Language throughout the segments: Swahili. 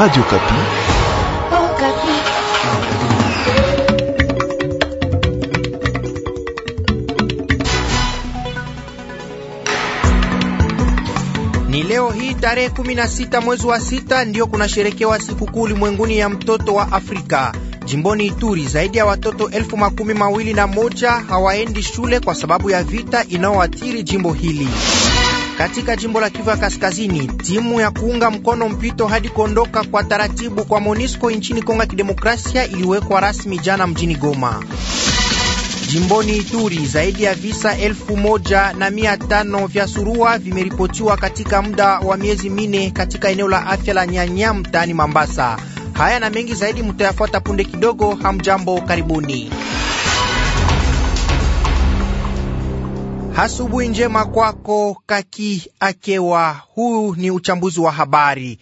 Radio Okapi. Ni leo hii tarehe 16 mwezi wa sita ndiyo kunasherekewa sikukuu ulimwenguni ya mtoto wa Afrika. Jimboni Ituri zaidi ya watoto elfu makumi mawili na moja hawaendi shule kwa sababu ya vita inayoathiri jimbo hili. Katika jimbo la Kivu ya Kaskazini, timu ya kuunga mkono mpito hadi kuondoka kwa taratibu kwa MONUSCO nchini Kongo ya Kidemokrasia iliwekwa rasmi jana mjini Goma. Jimboni Ituri, zaidi ya visa elfu moja na mia tano vya surua vimeripotiwa katika muda wa miezi mine katika eneo la afya la Nyanya mtaani Mambasa. Haya na mengi zaidi mutayafuata punde kidogo. Hamjambo, karibuni. Asubuhi njema kwako kaki akewa. Huu ni uchambuzi wa habari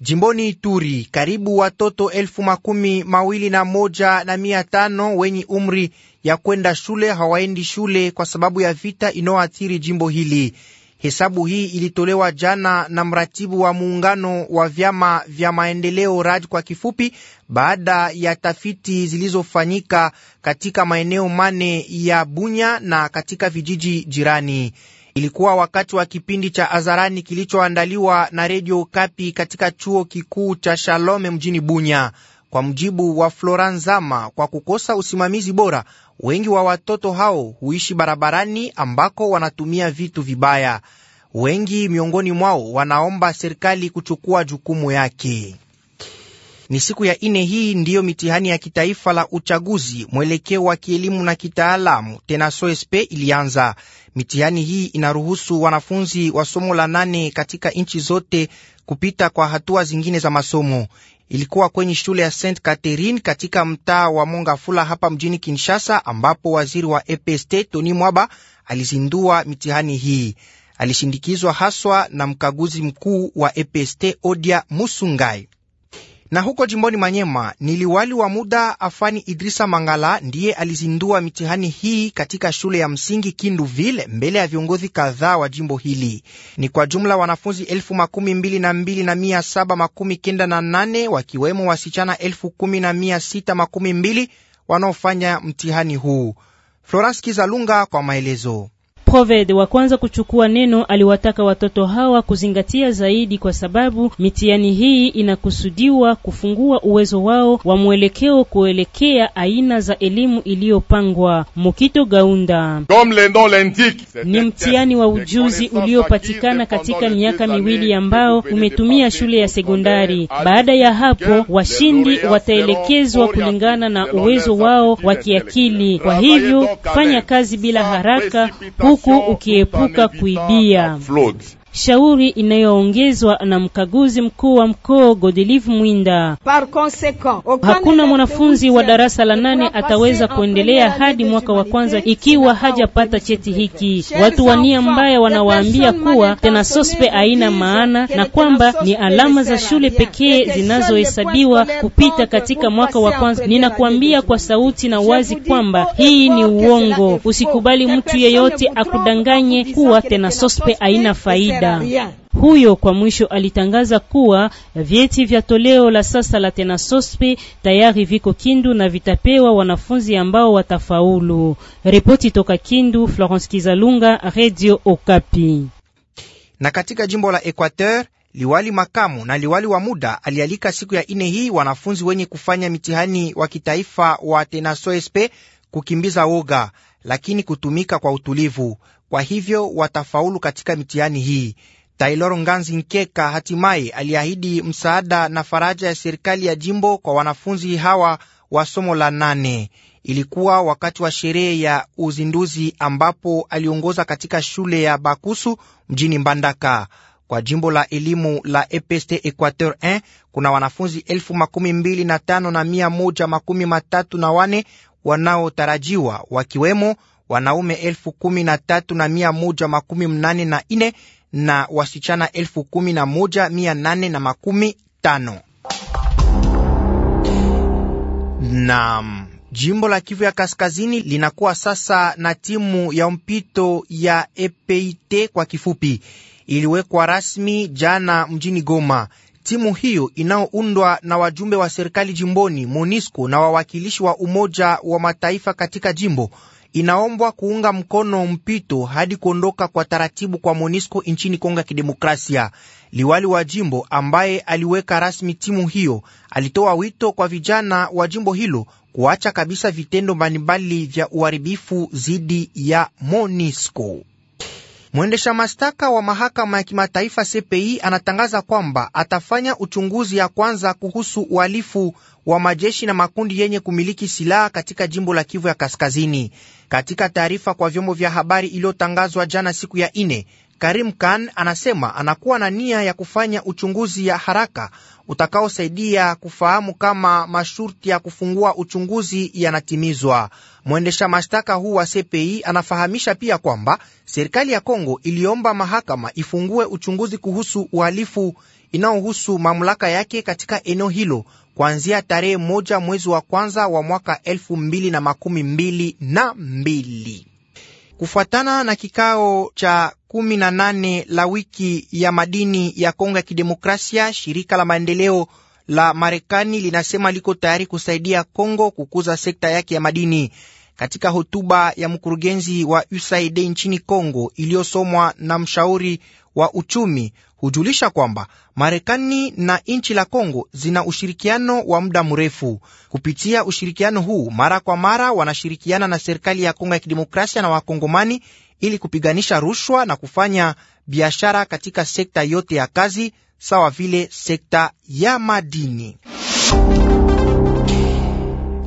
jimboni Ituri. Karibu watoto elfu makumi mawili na moja na mia tano wenye umri ya kwenda shule hawaendi shule kwa sababu ya vita inayoathiri jimbo hili. Hesabu hii ilitolewa jana na mratibu wa muungano wa vyama vya maendeleo RAD kwa kifupi, baada ya tafiti zilizofanyika katika maeneo mane ya Bunya na katika vijiji jirani. Ilikuwa wakati wa kipindi cha hadharani kilichoandaliwa na Redio Kapi katika chuo kikuu cha Shalome mjini Bunya. Kwa mjibu wa Floranzama, kwa kukosa usimamizi bora, wengi wa watoto hao huishi barabarani ambako wanatumia vitu vibaya. Wengi miongoni mwao wanaomba serikali kuchukua jukumu yake. Ni siku ya ine hii ndiyo mitihani ya kitaifa la uchaguzi mwelekeo wa kielimu na kitaalamu TENASOSP ilianza. Mitihani hii inaruhusu wanafunzi wa somo la nane katika nchi zote kupita kwa hatua zingine za masomo ilikuwa kwenye shule ya St Catherine katika mtaa wa Mongafula hapa mjini Kinshasa, ambapo waziri wa EPST Tony Mwaba alizindua mitihani hii. Alishindikizwa haswa na mkaguzi mkuu wa EPST Odia Musungai. Na huko jimboni Manyema ni liwali wa muda Afani Idrisa Mangala ndiye alizindua mitihani hii katika shule ya msingi Kinduville mbele ya viongozi kadhaa wa jimbo hili. Ni kwa jumla wanafunzi elfu makumi mbili na mbili na mia saba makumi kenda na nane wakiwemo wasichana elfu kumi na mia sita makumi mbili wanaofanya mtihani huu. Florence Kizalunga kwa maelezo. Proved wa kwanza kuchukua neno aliwataka watoto hawa kuzingatia zaidi, kwa sababu mitihani hii inakusudiwa kufungua uwezo wao wa mwelekeo kuelekea aina za elimu iliyopangwa. Mukito Gaunda ni mtihani wa ujuzi uliopatikana katika miaka miwili ambao umetumia shule ya sekondari. Baada ya hapo, washindi wataelekezwa kulingana na uwezo wao wa kiakili. Kwa hivyo fanya kazi bila haraka huku huku ukiepuka kuibia shauri inayoongezwa na mkaguzi mkuu wa mkoo Godelive Mwinda. Hakuna mwanafunzi wa darasa la nane ataweza kuendelea hadi mwaka wa kwanza ikiwa hajapata cheti hiki. Watu wa nia mbaya wanawaambia kuwa tena sospe haina maana na kwamba ni alama za shule pekee zinazohesabiwa kupita katika mwaka wa kwanza. Ninakuambia kwa sauti na wazi kwamba hii ni uongo. Usikubali mtu yeyote akudanganye kuwa tena sospe haina faida muda huyo. Kwa mwisho alitangaza kuwa vyeti vya toleo la sasa la Tenasospe tayari viko Kindu na vitapewa wanafunzi ambao watafaulu. Ripoti toka Kindu, Florence Kizalunga, Radio Okapi. Na katika jimbo la Equateur liwali makamu na liwali wa muda alialika siku ya ine hii wanafunzi wenye kufanya mitihani wa kitaifa wa Tenasospe kukimbiza woga lakini kutumika kwa utulivu. Kwa hivyo watafaulu katika mitihani hii. Tailor Nganzi Nkeka hatimaye aliahidi msaada na faraja ya serikali ya jimbo kwa wanafunzi hawa wa somo la nane. Ilikuwa wakati wa sherehe ya uzinduzi ambapo aliongoza katika shule ya Bakusu mjini Mbandaka. Kwa jimbo la elimu la EPST Equateur 1 kuna wanafunzi elfu makumi mbili na tano na mia moja makumi matatu na wane wanaotarajiwa wakiwemo wanaume elfu kumi na tatu na mia moja makumi mnane na ine na wasichana elfu kumi na moja mia nane na makumi tano. Naam. Jimbo la Kivu ya Kaskazini linakuwa sasa na timu ya mpito ya EPIT kwa kifupi, iliwekwa rasmi jana mjini Goma. Timu hiyo inayoundwa na wajumbe wa serikali jimboni, monisco na wawakilishi wa Umoja wa Mataifa katika jimbo inaombwa kuunga mkono mpito hadi kuondoka kwa taratibu kwa MONUSCO nchini Kongo ya Kidemokrasia. Liwali wa jimbo ambaye aliweka rasmi timu hiyo alitoa wito kwa vijana wa jimbo hilo kuacha kabisa vitendo mbalimbali vya uharibifu dhidi ya MONUSCO. Mwendesha mashtaka wa mahakama ya kimataifa CPI anatangaza kwamba atafanya uchunguzi ya kwanza kuhusu uhalifu wa majeshi na makundi yenye kumiliki silaha katika jimbo la Kivu ya Kaskazini. Katika taarifa kwa vyombo vya habari iliyotangazwa jana siku ya ine, Karim Khan anasema anakuwa na nia ya kufanya uchunguzi ya haraka utakaosaidia kufahamu kama masharti ya kufungua uchunguzi yanatimizwa. Mwendesha mashtaka huu wa CPI anafahamisha pia kwamba serikali ya Kongo iliomba mahakama ifungue uchunguzi kuhusu uhalifu inayohusu mamlaka yake katika eneo hilo kuanzia tarehe moja mwezi wa kwanza wa mwaka elfu mbili na makumi mbili na mbili kufuatana na kikao cha kumi na nane la wiki ya madini ya Kongo ya Kidemokrasia, shirika la maendeleo la Marekani linasema liko tayari kusaidia Kongo kukuza sekta yake ya madini. Katika hotuba ya mkurugenzi wa USAID nchini Kongo iliyosomwa na mshauri wa uchumi hujulisha kwamba Marekani na nchi la Kongo zina ushirikiano wa muda mrefu. Kupitia ushirikiano huu, mara kwa mara wanashirikiana na serikali ya Kongo ya Kidemokrasia na Wakongomani ili kupiganisha rushwa na kufanya biashara katika sekta yote ya kazi, sawa vile sekta ya madini.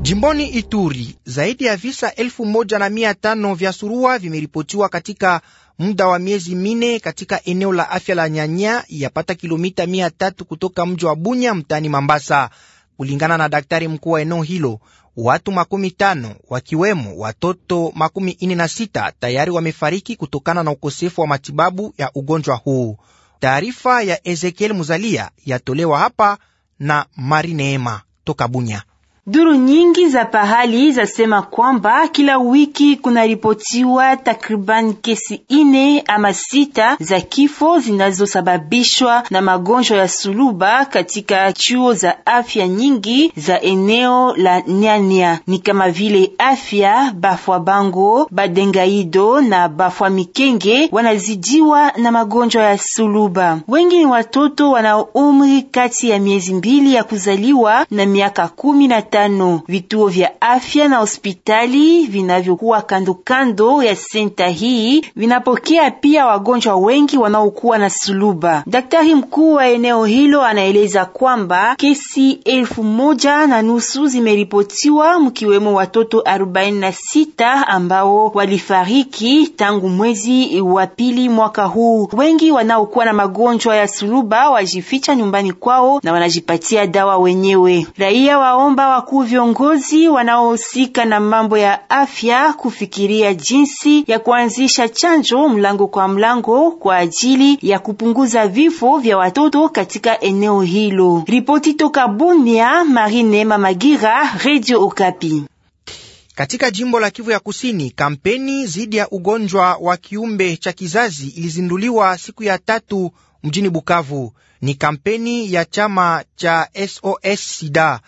Jimboni Ituri, zaidi ya visa elfu moja na mia tano vya surua vimeripotiwa katika muda wa miezi mine katika eneo la afya la Nyanya, yapata kilomita mia tatu kutoka mji wa Bunya mtaani Mambasa. Kulingana na daktari mkuu wa eneo hilo, watu makumi tano wakiwemo watoto makumi ine na sita tayari wamefariki kutokana na ukosefu wa matibabu ya ugonjwa huu. Taarifa ya Ezekiel Muzalia yatolewa hapa na Mari Neema toka Bunya. Duru nyingi za pahali zasema kwamba kila wiki kunaripotiwa takriban kesi ine ama sita za kifo zinazosababishwa na magonjwa ya suluba katika chuo za afya nyingi za eneo la Nyanya, ni kama vile afya Bafwa Bango, Badengaido na Bafwa Mikenge wanazidiwa na magonjwa ya suluba. Wengi ni watoto wanaoumri kati ya miezi mbili ya kuzaliwa na miaka kumi na tano. Vituo vya afya na hospitali vinavyokuwa kando kando ya senta hii vinapokea pia wagonjwa wengi wanaokuwa na suluba. Daktari mkuu wa eneo hilo anaeleza kwamba kesi elfu moja na nusu zimeripotiwa mkiwemo watoto 46 ambao walifariki tangu mwezi wa pili mwaka huu. Wengi wanaokuwa na magonjwa ya suluba wajificha nyumbani kwao na wanajipatia dawa wenyewe. Raia waomba wa wakuu viongozi wanaohusika na mambo ya afya kufikiria jinsi ya kuanzisha chanjo mlango kwa mlango kwa ajili ya kupunguza vifo vya watoto katika eneo hilo. Ripoti toka Bunia, Marine Mamagira, Radio Okapi. Katika jimbo la Kivu ya Kusini, kampeni dhidi ya ugonjwa wa kiumbe cha kizazi ilizinduliwa siku ya tatu mjini Bukavu. Ni kampeni ya chama cha SOS Sida.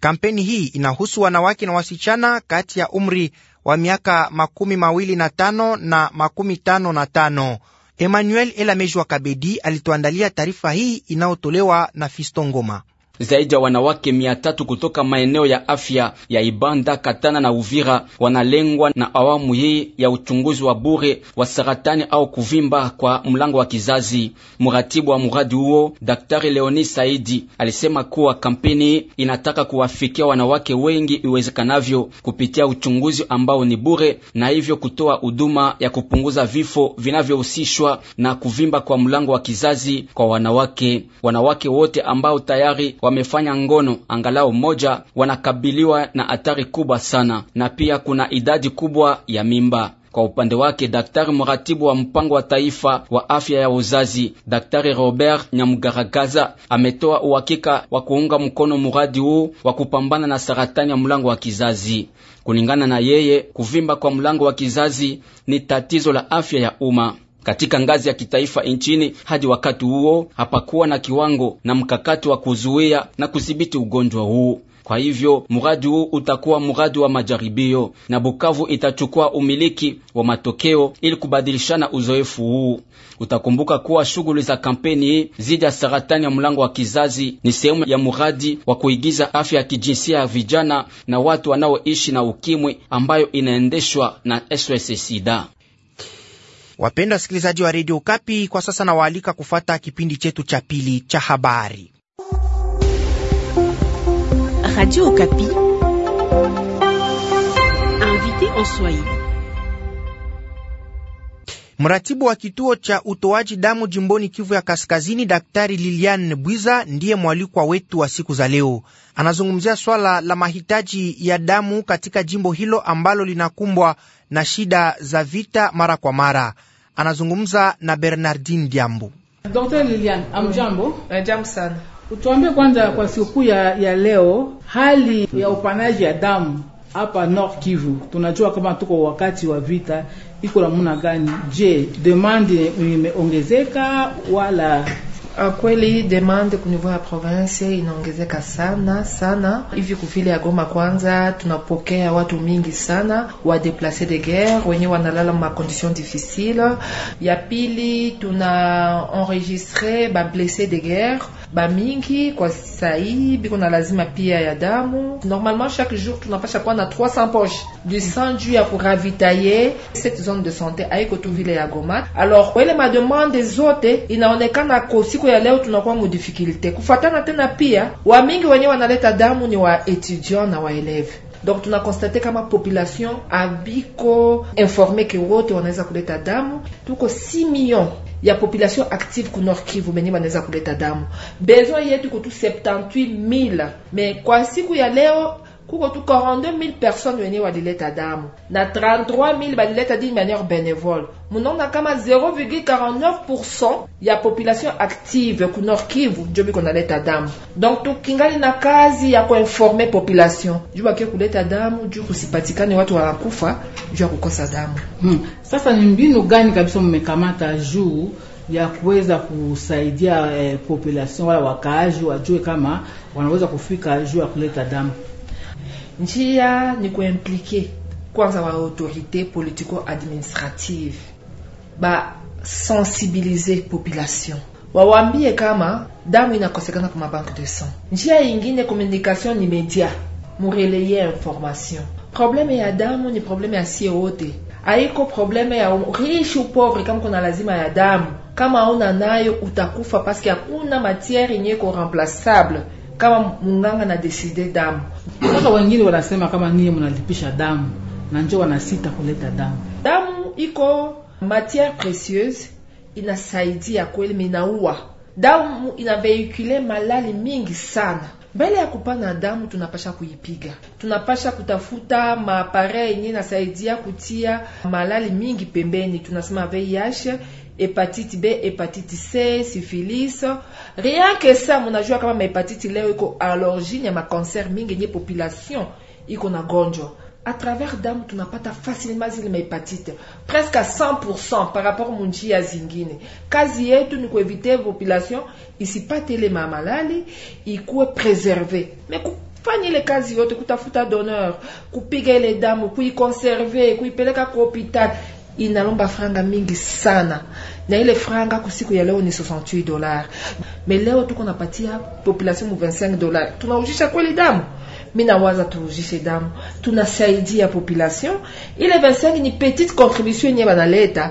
Kampeni hii inahusu wanawake na wasichana kati ya umri wa miaka makumi mawili na tano na makumi tano na tano. Emmanuel Elamejwa Kabedi alituandalia taarifa hii inayotolewa na Fisto Ngoma. Zaidi ya wanawake mia tatu kutoka maeneo ya afya ya Ibanda, Katana na Uvira wanalengwa na awamu hii ya uchunguzi wa bure wa saratani au kuvimba kwa mlango wa kizazi. Mratibu wa mradi huo Daktari Leoni Saidi alisema kuwa kampeni inataka kuwafikia wanawake wengi iwezekanavyo kupitia uchunguzi ambao ni bure na hivyo kutoa huduma ya kupunguza vifo vinavyohusishwa na kuvimba kwa mlango wa kizazi kwa wanawake. Wanawake wote ambao tayari wamefanya ngono angalau moja, wanakabiliwa na hatari kubwa sana, na pia kuna idadi kubwa ya mimba. Kwa upande wake daktari mratibu wa mpango wa taifa wa afya ya uzazi Daktari Robert Nyamugaragaza ametoa uhakika wa kuunga mkono muradi huu wa kupambana na saratani ya mlango wa kizazi. Kulingana na yeye, kuvimba kwa mlango wa kizazi ni tatizo la afya ya umma katika ngazi ya kitaifa nchini. Hadi wakati huo hapakuwa na kiwango na mkakati wa kuzuia na kudhibiti ugonjwa huu. Kwa hivyo mradi huu utakuwa mradi wa majaribio na Bukavu itachukua umiliki wa matokeo ili kubadilishana uzoefu huu. Utakumbuka kuwa shughuli za kampeni hii dhidi ya saratani ya mlango wa kizazi ni sehemu ya mradi wa kuigiza afya ya kijinsia ya vijana na watu wanaoishi na ukimwi ambayo inaendeshwa na SOS SIDA. Wapendwa wasikilizaji wa redio Kapi, kwa sasa nawaalika kufata kipindi chetu cha pili cha habari. Mratibu wa kituo cha utoaji damu jimboni Kivu ya Kaskazini, Daktari Lilian Bwiza ndiye mwalikwa wetu wa siku za leo. Anazungumzia swala la mahitaji ya damu katika jimbo hilo ambalo linakumbwa na shida za vita mara kwa mara. Anazungumza na Bernardin Diambu. dr Lilian, amjambo. Eh, jambo sana. Utuambie kwanza kwa siku ya, ya leo hali ya upanaji ya damu hapa North Kivu, tunajua kama tuko wakati wa vita, iko namna gani? Je, demande imeongezeka wala Kweli demand ku niveau ya province inaongezeka sana sana. Hivi kufile ya Goma kwanza, tunapokea watu mingi sana wa deplace de guerre wenye wanalala ma condition difficile. Ya pili, tuna enregistre ba blesse de guerre mingi kwa sahii biko na lazima pia ya damu. Normalement chaque jour tunapasha kuwa na 300 poche du sang juu ya kuravitaye cette zone de santé haiko tu vile ya Goma. Alors kwa ile mademande zote inaonekana kwa siku ya leo tunakuwa mu difficulté kufatana tena, pia mingi wenyewe wanaleta damu ni wa etudiant na wa eleve donc tunakonstate kama population abiko informe ke wote wanaweza kuleta damu, tuko 6 millions ya population active ku Nord Kivu benye banaweza kuleta damu. Besoin yetu kutu 78000 me kwa siku ya leo kukotu 42 000 personnes venaient wadileta damu na 33 000 badileta d'une manière bénévole munonga kama 0,49% ya population active kunor kivu njo biko naleta damu donc tukingali na kazi ya kuinforme population juu bakie kuleta damu juu kusipatikane watu wanakufa juu ya kukosa damu hmm. sasa ni mbinu gani kabisa mmekamata juu ya kuweza kusaidia eh, population wala wakaaji wajue kama wanaweza kufika juu ya kuleta damu njia ni kuimplike kwanza wa autorite politico-administrative sensibiliser population wawambie kama damu inakosekana kwa mabanke de sang. Njia ingine communication ni media mureleye information. Probleme ya damu ni probleme ya sie wote, aiko probleme ya riche ou pauvre. Kama kuna lazima ya damu, kama na nayo utakufa, paske hakuna matiere yenye ko remplaçable kama munganga na deside damu. Sasa wengine wanasema kama niye mnalipisha damu na njo wanasita kuleta damu. Damu iko matiere precieuse, inasaidia kweli, minaua damu inavehikule malali mingi sana. Mbele ya kupana damu, tunapasha kuipiga, tunapasha kutafuta maapare yenye inasaidia kutia malali mingi pembeni, tunasema VIH hepatite B, hepatite C, syphilis. Rien que ça, mnajua kama hepatite leo iko à l'origine ya makanser mingi yenye population iko na gonjwa. À travers damu tunapata facilement zile mahepatite presque à 100% par rapport munjia zingine. Kazi yetu eh, ni kuevite population isipate ile mamalali, ikuwe préservée. Mais kufanya ile kazi yote, kutafuta donneur, kupiga ile damu, kuikonserve, kuipeleka ku hopitali inalomba franga mingi sana, na ile franga kusiku ya leo ni 68 dollars, me leo tuko napatia population mu 25 dollars. Tunaujisha kweli damu? Mimi nawaza tuujishe damu, tunasaidia population. Ile 25 ni petite contribution yenye banaleta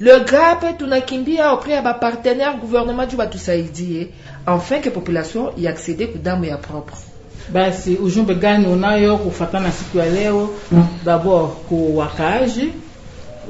le gap, tunakimbia auprès ya bapartenaire gouvernement juu batusaidie enfin que population iaccede kudamu ya propre. Basi ujumbe gani unayo kufatana siku ya leo? Hmm. D'abord kuwakaaji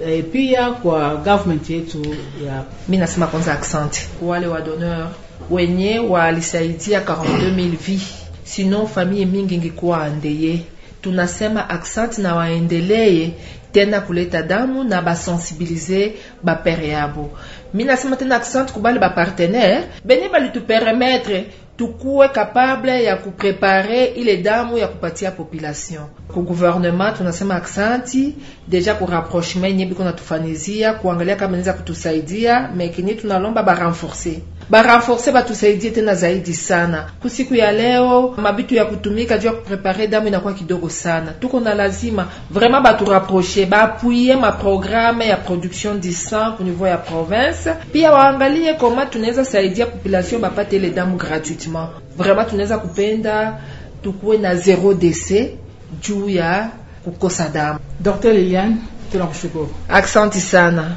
E, pia kwa government yetu ya mimi nasema kwanza asante wale wa donor wenye walisaidia 42000 vi sino famille mingi ingekuwa andeye. Tunasema asante na waendelee tena kuleta damu na basensibilize bapere yabo. Mimi nasema tena asante kubali bapartenaire benye balitupermettre tukuwe kapable ya kuprepare ile damu ya kupatia population ku gouvernement. Tunasema aksanti deja ku rapprochement nye biko natufanizia kuangalia kama inaweza kutusaidia mekini, tunalomba ba renforcer barenforce batusaidie tena zaidi sana kusiku ya leo, mabitu ya kutumika juu ya kuprepare damu inakuwa kidogo sana. Tuko na lazima vraiment baturapproche baapuye maprograme ya production du sang ku niveau ya province, pia waangalie koma tunaweza saidia population bapate ile damu gratuitement. Vraiment tunaweza kupenda tukuwe na zero décès juu ya kukosa damu. Dr. Liliane, tunakushukuru, Accent sana.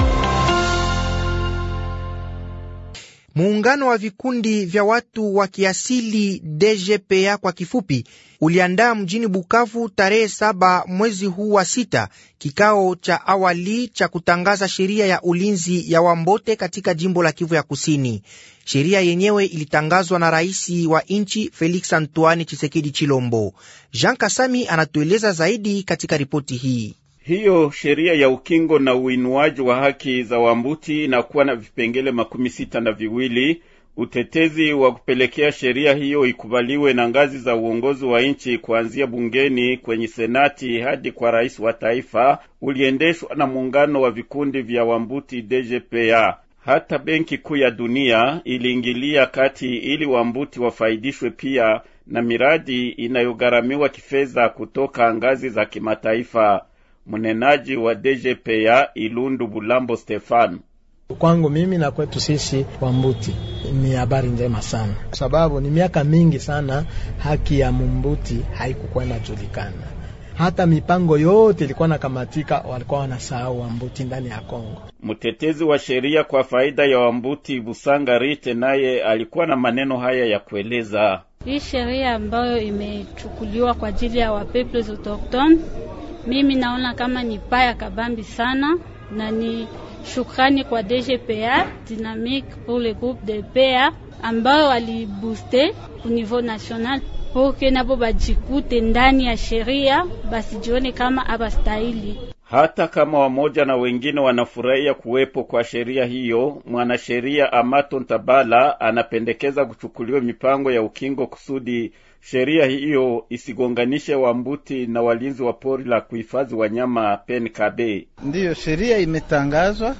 Muungano wa vikundi vya watu wa kiasili dgpa kwa kifupi uliandaa mjini Bukavu tarehe saba mwezi huu wa sita kikao cha awali cha kutangaza sheria ya ulinzi ya Wambote katika jimbo la Kivu ya Kusini. Sheria yenyewe ilitangazwa na rais wa nchi Felix Antoine Chisekedi Chilombo. Jean Kasami anatueleza zaidi katika ripoti hii. Hiyo sheria ya ukingo na uinuaji wa haki za Wambuti inakuwa na vipengele makumi sita na viwili. Utetezi wa kupelekea sheria hiyo ikubaliwe na ngazi za uongozi wa nchi kuanzia bungeni kwenye senati hadi kwa rais wa taifa uliendeshwa na muungano wa vikundi vya Wambuti DJPA. Hata Benki Kuu ya Dunia iliingilia kati ili Wambuti wafaidishwe pia na miradi inayogharamiwa kifedha kutoka ngazi za kimataifa mnenaji wa DGPA Ilundu Bulambo Stefano. Kwangu mimi na kwetu sisi Wambuti ni habari njema sana, kwa sababu ni miaka mingi sana haki ya Mumbuti haikukuwa inajulikana. Hata mipango yote ilikuwa nakamatika, walikuwa wanasahau Wambuti ndani ya Kongo. Mtetezi wa sheria kwa faida ya Wambuti Busanga Rite naye alikuwa na maneno haya ya kueleza hii sheria ambayo imechukuliwa kwa ajili ya wapeples autochtones mimi naona kama ni paya kabambi sana na ni shukrani kwa DGPA Dynamic pour le groupe de PA ambao walibooste au niveau national poke napo bajikute ndani ya sheria, basijione kama abastahili. Hata kama wamoja na wengine wanafurahia kuwepo kwa sheria hiyo, mwanasheria Amato Ntabala anapendekeza kuchukuliwa mipango ya ukingo kusudi sheria hiyo isigonganishe wambuti na walinzi wa pori la kuhifadhi wanyama PNKB. Ndiyo sheria imetangazwa,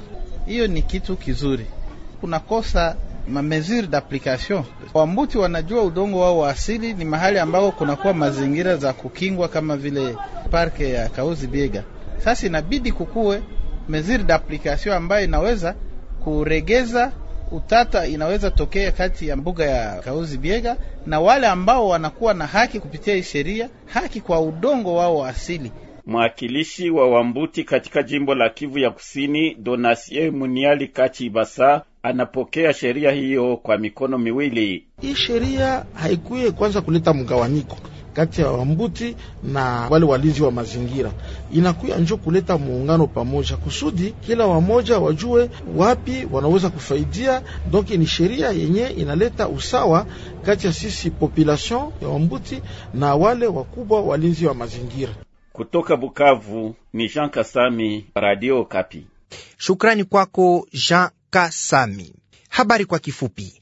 hiyo ni kitu kizuri. Kunakosa mesure d'application. Wambuti wanajua udongo wao wa asili ni mahali ambako kunakuwa mazingira za kukingwa kama vile parke ya Kauzi Biega. Sasa inabidi kukuwe mesure d'application ambayo inaweza kuregeza utata inaweza tokea kati ya mbuga ya Kahuzi Biega na wale ambao wanakuwa na haki kupitia hii sheria, haki kwa udongo wao wa asili. Mwakilishi wa Wambuti katika jimbo la Kivu ya Kusini, Donasie Muniali Kachi Ibasa anapokea sheria hiyo kwa mikono miwili. Hii sheria haikuye kwanza kuleta mgawanyiko kati ya wambuti na wale walinzi wa mazingira. Inakuya njo kuleta muungano pamoja, kusudi kila wamoja wajue wapi wanaweza kufaidia. Donc ni sheria yenye inaleta usawa kati ya sisi population ya wambuti na wale wakubwa walinzi wa mazingira. Kutoka Bukavu ni Jean Kasami, Radio Kapi. Shukrani kwako Jean Kasami. Habari kwa kifupi.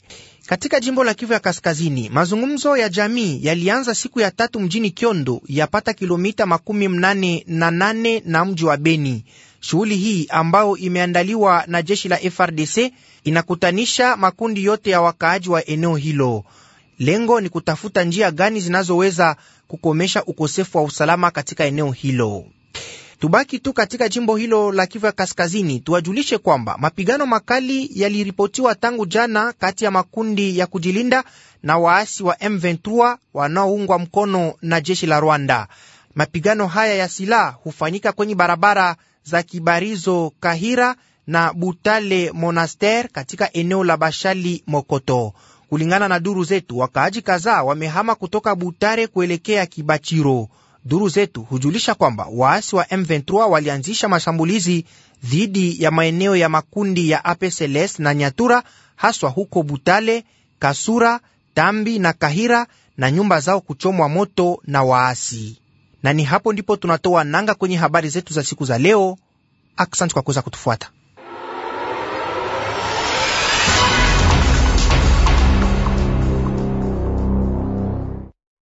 Katika jimbo la Kivu ya Kaskazini, mazungumzo ya jamii yalianza siku ya tatu mjini Kyondo, yapata kilomita makumi mnane na nane na mji wa Beni. Shughuli hii ambayo imeandaliwa na jeshi la FRDC inakutanisha makundi yote ya wakaaji wa eneo hilo. Lengo ni kutafuta njia gani zinazoweza kukomesha ukosefu wa usalama katika eneo hilo. Tubaki tu katika jimbo hilo la Kivu ya Kaskazini, tuwajulishe kwamba mapigano makali yaliripotiwa tangu jana kati ya makundi ya kujilinda na waasi wa M23 wanaoungwa mkono na jeshi la Rwanda. Mapigano haya ya silaha hufanyika kwenye barabara za Kibarizo Kahira na Butale Monaster katika eneo la Bashali Mokoto. Kulingana na duru zetu, wakaaji kadhaa wamehama kutoka Butare kuelekea Kibachiro. Duru zetu hujulisha kwamba waasi wa M23 walianzisha mashambulizi dhidi ya maeneo ya makundi ya APCLS na Nyatura, haswa huko Butale, Kasura, Tambi na Kahira, na nyumba zao kuchomwa moto na waasi. Na ni hapo ndipo tunatoa nanga kwenye habari zetu za siku za leo. Aksanti kwa kuweza kutufuata.